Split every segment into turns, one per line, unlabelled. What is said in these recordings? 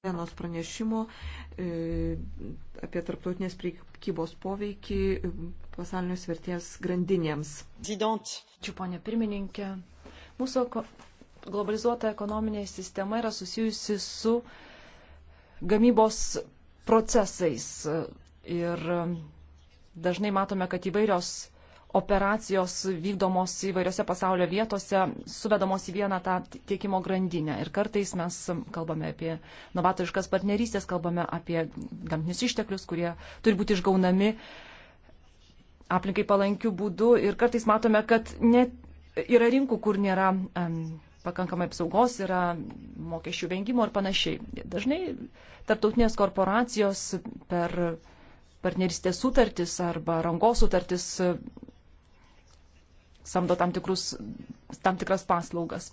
Vienos pranešimo e, apie tarptautinės priekybos poveikį
e, pasaulinės vertės grandinėms. Ačiū, ponė pirmininkė. Mūsų globalizuota ekonominė sistema yra susijusi su gamybos procesais. Ir e, dažnai matome, kad įvairios operacijos vykdomos įvairiose pasaulio vietose, suvedamos į vieną tą tiekimo grandinę. Ir kartais mes kalbame apie novatoriškas partnerystės, kalbame apie gamtinius išteklius, kurie turi būti išgaunami aplinkai palankių būdų. Ir kartais matome, kad net yra rinkų, kur nėra um, pakankamai apsaugos, yra mokesčių vengimo ir panašiai. Dažnai tarptautinės korporacijos per partneristės sutartis arba rangos sutartis samdo tam, tikrus, tam tikras paslaugas.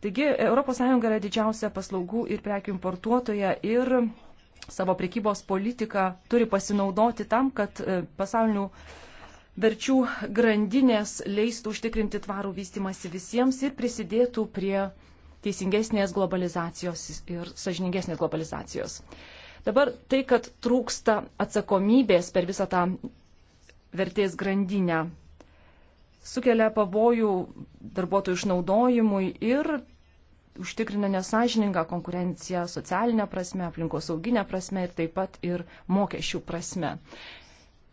Taigi ES yra didžiausia paslaugų ir prekių importuotoja ir savo prekybos politiką turi pasinaudoti tam, kad e, pasaulinių verčių grandinės leistų užtikrinti tvarų vystimąsi visiems ir prisidėtų prie teisingesnės globalizacijos ir sažiningesnės globalizacijos. Dabar tai, kad trūksta atsakomybės per visą tą vertės grandinę, sukelia pavojų darbuotojų išnaudojimui ir užtikrina nesažiningą konkurenciją socialinę prasme, aplinkosauginę prasme ir taip pat ir mokesčių prasme.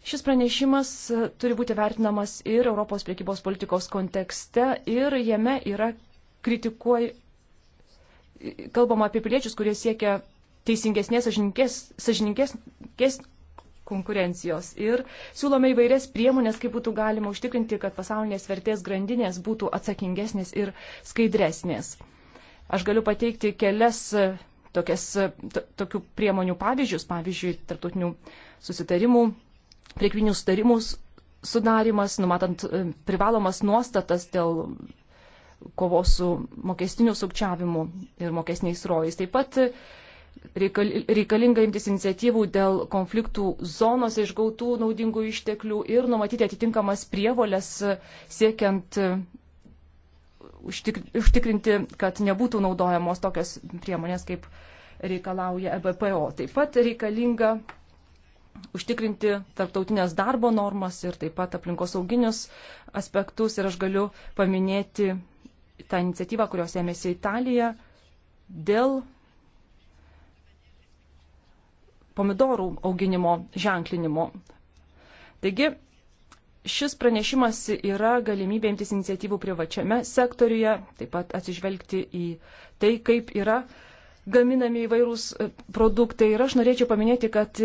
Šis pranešimas e, turi būti vertinamas ir Europos priekybos politikos kontekste ir jame yra kritikuoj, kalbama apie piliečius, kurie siekia teisingesnės, sažininkės, sažininkės konkurencijos. Ir siūlome įvairias priemonės, kaip būtų galima užtikrinti, kad pasaulinės vertės grandinės būtų atsakingesnės ir skaidresnės. Aš galiu pateikti kelias e, tokias, e, to, tokių priemonių pavyzdžius, pavyzdžiui, tarptautinių susitarimų, priekvinių sutarimų sudarimas, numatant e, privalomas nuostatas dėl kovos su mokestiniu sukčiavimu ir mokesniais rojais. Taip pat reikalinga imtis iniciatyvų dėl konfliktų zonose išgautų naudingų išteklių ir numatyti atitinkamas prievolės e, siekiant e, užtikrinti, kad nebūtų naudojamos tokios priemonės, kaip reikalauja EBPO. Taip pat reikalinga užtikrinti tarptautinės darbo normas ir taip pat aplinkosauginius aspektus. Ir aš galiu paminėti tą iniciatyvą, kurios ėmėsi Italija dėl pomidorų auginimo ženklinimo. Taigi, šis pranešimas yra galimybė imtis iniciatyvų privačiame sektoriuje, taip pat atsižvelgti į tai, kaip yra gaminami įvairūs e, produktai. Ir aš norėčiau paminėti, kad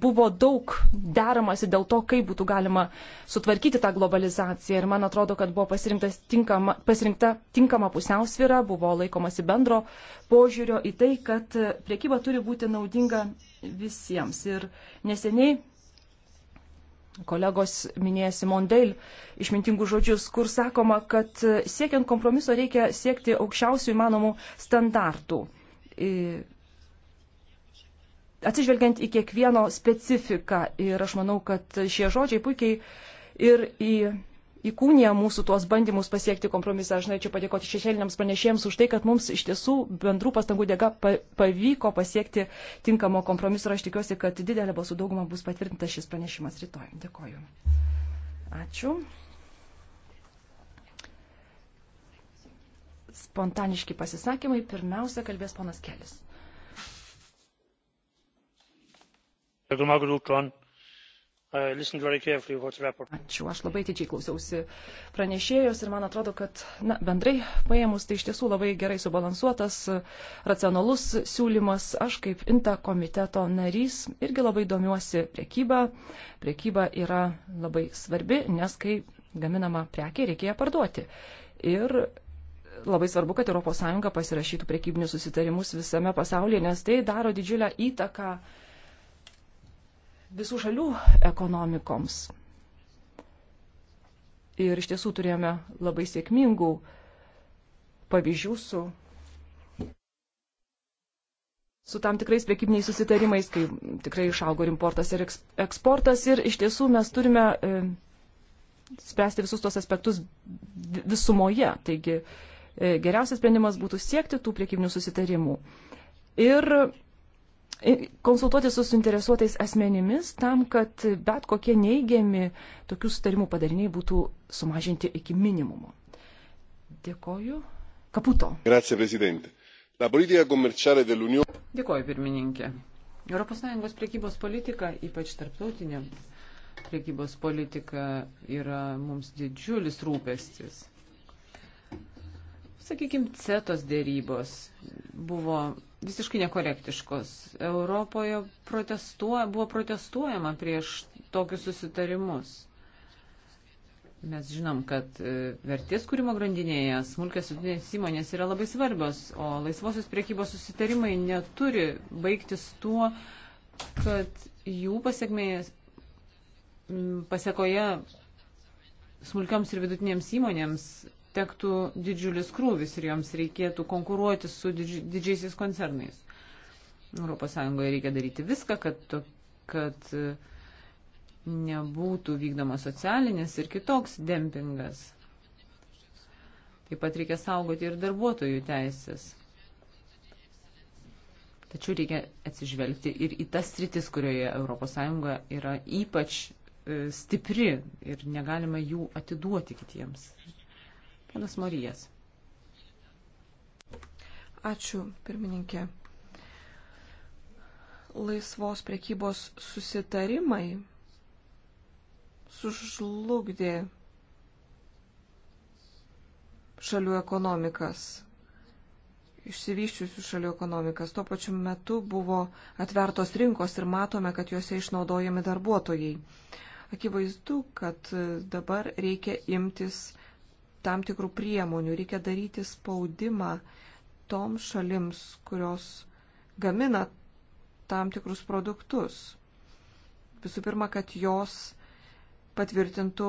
buvo daug deramasi dėl to, kaip būtų galima sutvarkyti tą globalizaciją. Ir man atrodo, kad buvo tinkama, pasirinkta tinkama pusiausvyra, buvo laikomasi bendro požiūrio į tai, kad priekyba turi būti naudinga visiems. Ir neseniai kolegos minėjo Simon Dale išmintingus žodžius, kur sakoma, kad siekiant kompromiso reikia siekti aukščiausių įmanomų standartų. Ir atsižvelgiant į kiekvieno specifiką. Ir aš manau, kad šie žodžiai puikiai ir į, įkūnija mūsų tuos bandymus pasiekti kompromisą. Aš norėčiau padėkoti šešėliniams pranešėjams už tai, kad mums iš tiesų bendrų pastangų dėka pavyko pasiekti tinkamo kompromiso. Ir aš tikiuosi, kad didelė balsų dauguma bus patvirtintas šis pranešimas rytoj. Dėkoju. Ačiū. Spontaniški pasisakymai. Pirmiausia, kalbės ponas Kelis.
Ačiū,
aš labai didžiai klausiausi pranešėjos ir man atrodo, kad na, bendrai paėmus tai iš tiesų labai gerai subalansuotas, racionalus siūlymas. Aš kaip INTA komiteto narys irgi labai domiuosi priekybą. Priekyba yra labai svarbi, nes kai gaminama prekė, reikia ją parduoti. Ir labai svarbu, kad ES pasirašytų priekybinius susitarimus visame pasaulyje, nes tai daro didžiulę įtaką uh, visų šalių ekonomikoms. Ir iš tiesų turėjome labai sėkmingų pavyzdžių su, su tam tikrais priekybiniais susitarimais, kai tikrai išaugo ir importas ir eksportas. Ir iš tiesų mes turime e, spręsti visus tos aspektus visumoje. Taigi e, geriausias sprendimas būtų siekti tų priekybinių susitarimų. Ir konsultuoti su suinteresuotais asmenimis tam, kad bet kokie neigiami tokių sutarimų padariniai būtų sumažinti iki minimumo. Dėkoju. Kaputo.
Grazie, prezidente. La politika komerciale dell'Unione. Dėkoju, pirmininkė. ES priekybos politika, ypač tarptautinė priekybos politika, yra mums didžiulis rūpestis sakykime, CETOS dėrybos buvo visiškai nekorektiškos. Europoje protestuoja, buvo protestuojama prieš tokius susitarimus. Mes žinom, kad e, vertės kūrimo grandinėje smulkės sudinės įmonės yra labai svarbios, o laisvosios priekybos susitarimai neturi baigtis tuo, kad jų pasiekmės pasiekoje smulkioms ir vidutinėms įmonėms tektų didžiulis krūvis ir joms reikėtų konkuruoti su didži didžiaisiais koncernais. ES reikia daryti viską, kad, kad e, nebūtų vykdomas socialinis ir kitoks dempingas. Taip pat reikia saugoti ir darbuotojų teisės. Tačiau reikia atsižvelgti ir į tas sritis, kurioje ES yra ypač e, stipri ir negalima jų atiduoti kitiems. Ponas Morijas.
Ačiū, pirmininkė. Laisvos priekybos susitarimai sužlugdė šalių ekonomikas, išsivyščiusių šalių ekonomikas. Tuo pačiu metu buvo atvertos rinkos ir matome, kad juose išnaudojami darbuotojai. Akivaizdu, kad dabar reikia imtis tam tikrų priemonių, reikia daryti spaudimą toms šalims, kurios gamina tam tikrus produktus. Visų pirma, kad jos patvirtintų,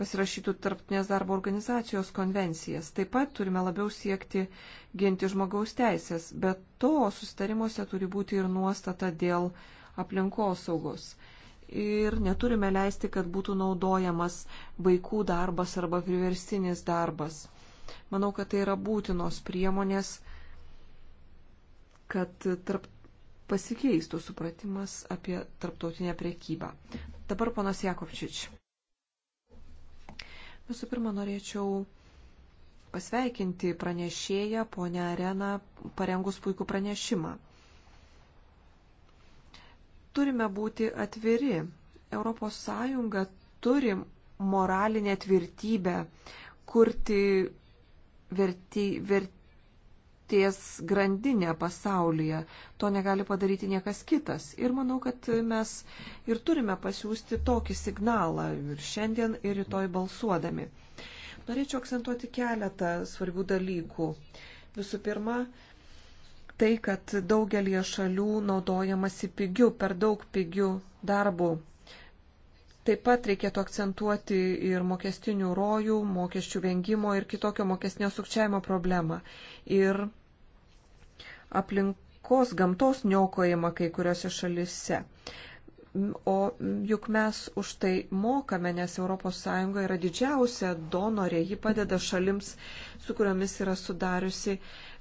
pasirašytų tarptinės darbo organizacijos konvencijas. Taip pat turime labiau siekti ginti žmogaus teisės, bet to sustarimuose turi būti ir nuostata dėl aplinkosaugos. saugos ir neturime leisti, kad būtų naudojamas vaikų darbas arba priverstinis darbas. Manau, kad tai yra būtinos priemonės, kad tarp pasikeistų supratimas apie tarptautinę priekybą. Dabar ponas Jakovčič. Visų pirma, norėčiau pasveikinti pranešėją ponę Areną parengus puikų pranešimą turime būti atviri. Europos Sąjunga turi moralinę tvirtybę kurti verti, vertės grandinę pasaulyje. To negali padaryti niekas kitas. Ir manau, kad mes ir turime pasiūsti tokį signalą ir šiandien, ir rytoj balsuodami. Norėčiau akcentuoti keletą svarbių dalykų. Visų pirma, tai, kad daugelie šalių naudojamasi pigių, per daug pigių darbų. Taip pat reikėtų akcentuoti ir mokestinių rojų, mokesčių vengimo ir kitokio mokestinio sukčiavimo problemą. Ir aplinkos gamtos niokojimą kai kuriuose šalise. O juk mes už tai mokame, nes ES yra didžiausia donorė, ji padeda šalims, su kuriomis yra sudariusi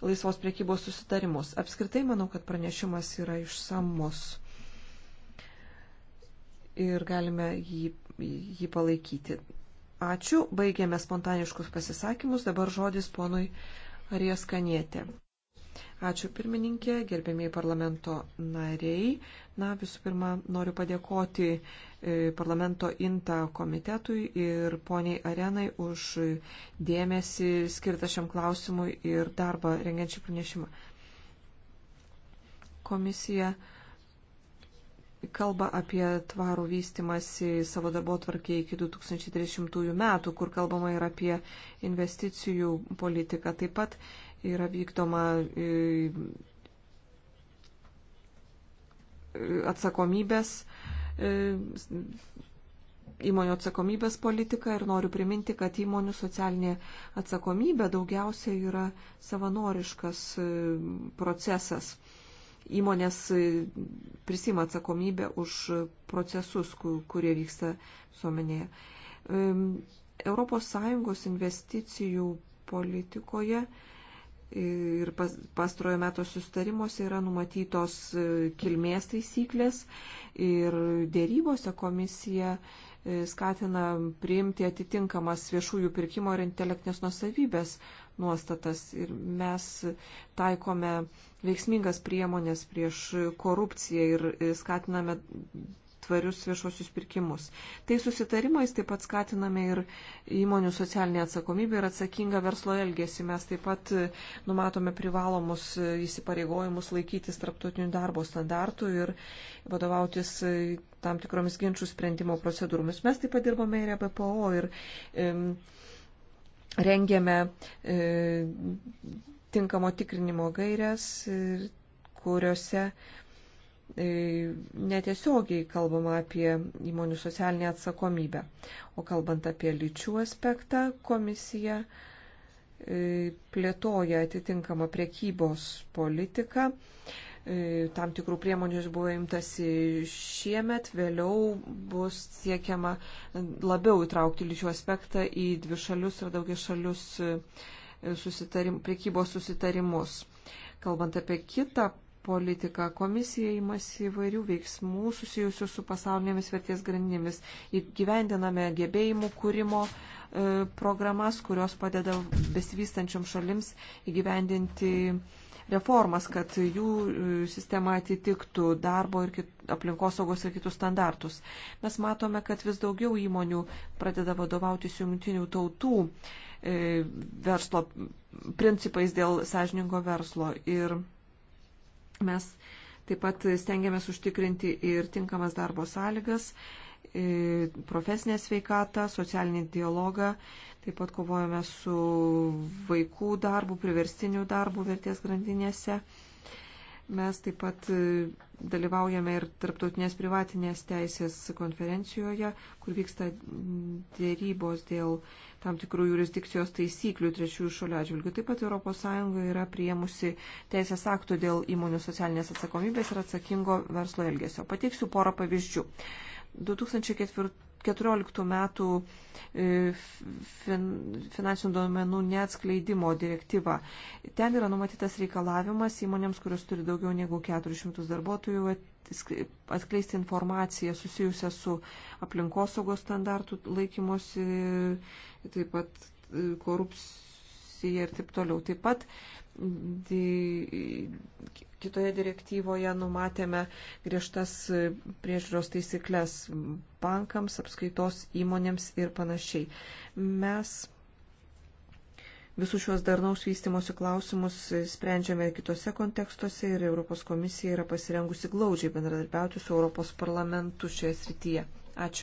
laisvos priekybos susitarimus. Apskritai manau, kad pranešimas yra išsamus ir galime jį, jį palaikyti. Ačiū, baigėme spontaniškus pasisakymus, dabar žodis ponui Arijas Kanietė. Ačiū pirmininkė, gerbėmiai parlamento nariai. Na, visų pirma, noriu padėkoti e, parlamento INTA komitetui ir poniai Arenai už dėmesį skirtą šiam klausimui ir darbą rengiančią pranešimą. Komisija kalba apie tvarų vystimąsi savo darbo tvarkiai iki 2030 metų, kur kalbama ir apie investicijų politiką. Taip pat yra vykdoma e, atsakomybės, e, įmonių atsakomybės politika ir noriu priminti, kad įmonių socialinė atsakomybė daugiausia yra savanoriškas e, procesas. Įmonės prisima atsakomybę už procesus, kurie vyksta visuomenėje. Europos Sąjungos investicijų politikoje uh, ir pastarojo meto sustarimuose yra numatytos e, kilmės taisyklės ir dėrybose komisija e, skatina priimti atitinkamas viešųjų pirkimo ir intelektinės nusavybės nuostatas. Ir mes taikome veiksmingas priemonės prieš korupciją ir e, skatiname tvarius viešuosius pirkimus. Tai susitarimais taip pat skatiname ir įmonių socialinę atsakomybę ir atsakingą verslo elgesį. Mes taip pat e, numatome privalomus e, įsipareigojimus laikytis tarptautinių darbo standartų ir vadovautis e, tam tikromis ginčių sprendimo procedūromis. Mes taip pat dirbame ir EBPO ir e, rengėme e, tinkamo tikrinimo gairias, kuriuose E, netiesiogiai kalbama apie įmonių socialinę atsakomybę. O kalbant apie lyčių aspektą, komisija e, plėtoja atitinkamą priekybos politiką. E, tam tikrų priemonių buvo imtasi šiemet, vėliau bus siekiama labiau įtraukti lyčių aspektą į dvišalius ir daugiašalius susitarim, priekybos susitarimus. Kalbant apie kitą politiką. Komisija imasi įvairių veiksmų susijusių su pasaulinėmis vertės grandinėmis. Įgyvendiname gebėjimų kūrimo e, programas, kurios padeda besivystančiom šalims įgyvendinti reformas, kad jų e, sistema atitiktų darbo ir kit, aplinkosaugos ir kitus standartus. Mes matome, kad vis daugiau įmonių pradeda vadovautis jungtinių tautų e, verslo principais dėl sąžiningo verslo. Ir Mes taip pat stengiamės užtikrinti ir tinkamas darbo sąlygas, e, profesinę sveikatą, socialinį dialogą, taip pat kovojame su vaikų darbu, priverstiniu darbu vertės grandinėse. Mes taip pat e, dalyvaujame ir tarptautinės privatinės teisės konferencijoje, kur vyksta dėrybos dėl tam tikrų jurisdikcijos taisyklių trečiųjų šalių atžvilgių. Taip pat ES yra priemusi teisės aktų dėl įmonių socialinės atsakomybės ir atsakingo verslo elgesio. Pateiksiu porą pavyzdžių. 2004 14 metų e, fin, finansinių duomenų neatskleidimo direktyvą. Ten yra numatytas reikalavimas įmonėms, kurios turi daugiau negu 400 darbuotojų, atskleisti informaciją susijusią su aplinkosaugos standartų laikymosi, taip pat e, korupcijos srityje ir taip toliau. Taip pat di, kitoje direktyvoje numatėme griežtas priežiūros taisyklės bankams, apskaitos įmonėms ir panašiai. Mes visus šiuos darnaus vystimosi klausimus sprendžiame ir kitose kontekstuose ir Europos komisija yra pasirengusi glaudžiai bendradarbiauti su Europos parlamentu šioje srityje. Ačiū.